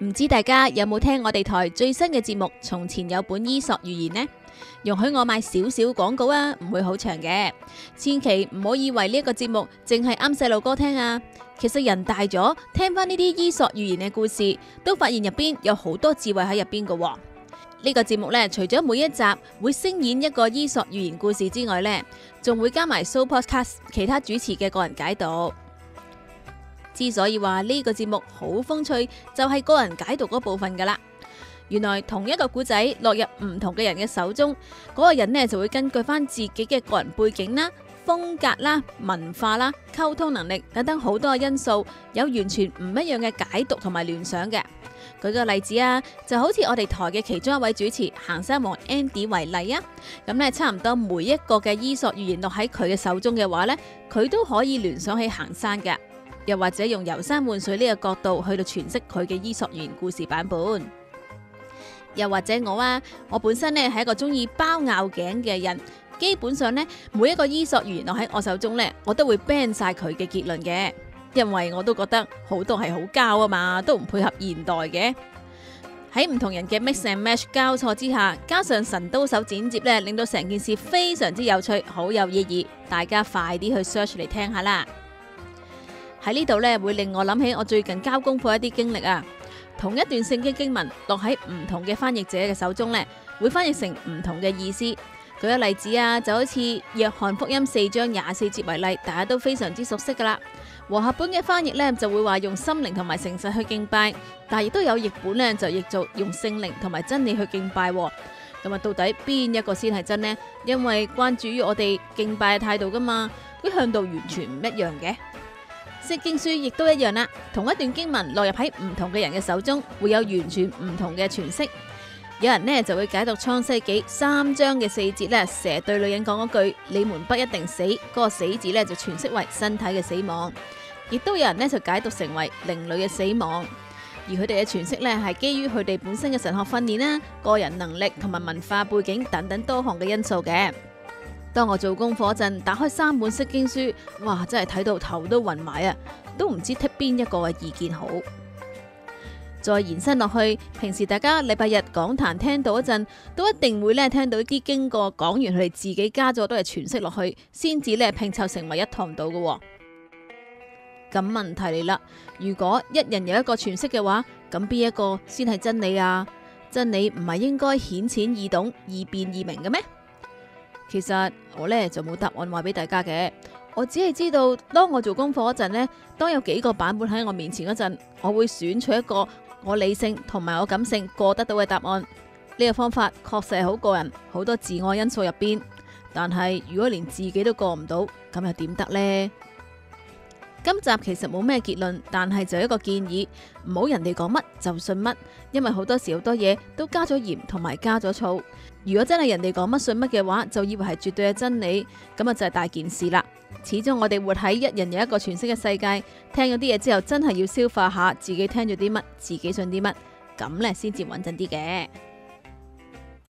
唔知大家有冇聽我哋台最新嘅節目《從前有本伊索寓言》呢？容許我賣少少廣告啊，唔會好長嘅，千祈唔好以為呢一個節目淨係啱細路哥聽啊！其實人大咗，聽翻呢啲伊索寓言嘅故事，都發現入邊有好多智慧喺入邊噶。呢、呢個節目咧，除咗每一集會聲演一個伊索寓言故事之外呢，仲會加埋 Sooo Podcast 其他主持嘅個人解讀。之所以話呢、呢個節目好風趣，就係、係、個人解讀嗰部分噶啦。原來同一個古仔落入唔同嘅人嘅手中，嗰、嗰個人呢就會根據翻自己嘅個人背景啦、風格啦、文化啦、溝通能力等等好多因素，有完全唔一樣嘅解讀同埋聯想嘅。舉個例子啊，就好似我哋台嘅其中一位主持行山王 Andy 為例啊，咁呢差唔多每一個嘅伊索寓言落喺佢嘅手中嘅話呢，佢都可以聯想起行山嘅。又或者用遊山玩水呢個角度去到詮釋佢嘅伊索寓故事版本，又或者我啊，我本身呢係一個中意包拗頸嘅人，基本上呢，每一個伊索寓言落喺我手中呢，我都會 ban 晒佢嘅結論嘅，因為我都覺得好多係好膠啊嘛，都唔配合現代嘅。喺唔同人嘅 mix and match 交錯之下，加上神刀手剪接呢，令到成件事非常之有趣，好有意義。大家快啲去 search 嚟聽下啦！喺呢度呢，會令我諗起我最近交功課一啲經歷啊。同一段聖經經文落喺唔同嘅翻譯者嘅手中呢，會翻譯成唔同嘅意思。舉個例子啊，就好似《約翰福音》四章廿四節為例，大家都非常之熟悉噶啦。和合本嘅翻譯呢，就會話用心靈同埋誠實去敬拜，但亦都有譯本呢，就譯做用聖靈同埋真理去敬拜。咁啊，到底邊一個先係真呢？因為關注於我哋敬拜嘅態度噶嘛，佢向度完全唔一樣嘅。即經書亦都一樣啦，同一段經文落入喺唔同嘅人嘅手中，會有完全唔同嘅詮釋。有人咧就會解讀創世記三章嘅四節咧，蛇對女人講嗰句“你們不一定死”，嗰個死字咧就詮釋為身體嘅死亡，亦都有人咧就解讀成為另類嘅死亡。而佢哋嘅詮釋咧係基於佢哋本身嘅神學訓練啦、個人能力同埋文化背景等等多項嘅因素嘅。當我做功課嗰陣，打開三本釋經書，哇，真係睇到頭都暈埋啊，都唔知剔邊一個嘅意見好。再延伸落去，平時大家禮拜日講壇聽到嗰陣，都一定會咧聽到啲經過講完佢哋自己加咗都係詮釋落去，先至咧拼湊成為一堂到嘅。咁問題嚟啦，如果一人有一個詮釋嘅話，咁邊一個先係真理啊？真理唔係應該顯淺易懂、易辨易明嘅咩？其實我咧就冇答案話俾大家嘅，我只係知道當我做功課嗰陣呢，當有幾個版本喺我面前嗰陣，我會選出一個我理性同埋我感性過得到嘅答案。呢個方法確實係好個人，好多自我因素入邊。但係如果連自己都過唔到，咁又點得呢？今集其實冇咩結論，但係就一個建議，唔好人哋講乜就信乜，因為好多時好多嘢都加咗鹽同埋加咗醋。如果真係人哋講乜信乜嘅話，就以為係絕對嘅真理，咁啊就係大件事啦。始終我哋活喺一人有一個詮釋嘅世界，聽咗啲嘢之後，真係要消化下自己聽咗啲乜，自己信啲乜，咁呢先至穩陣啲嘅。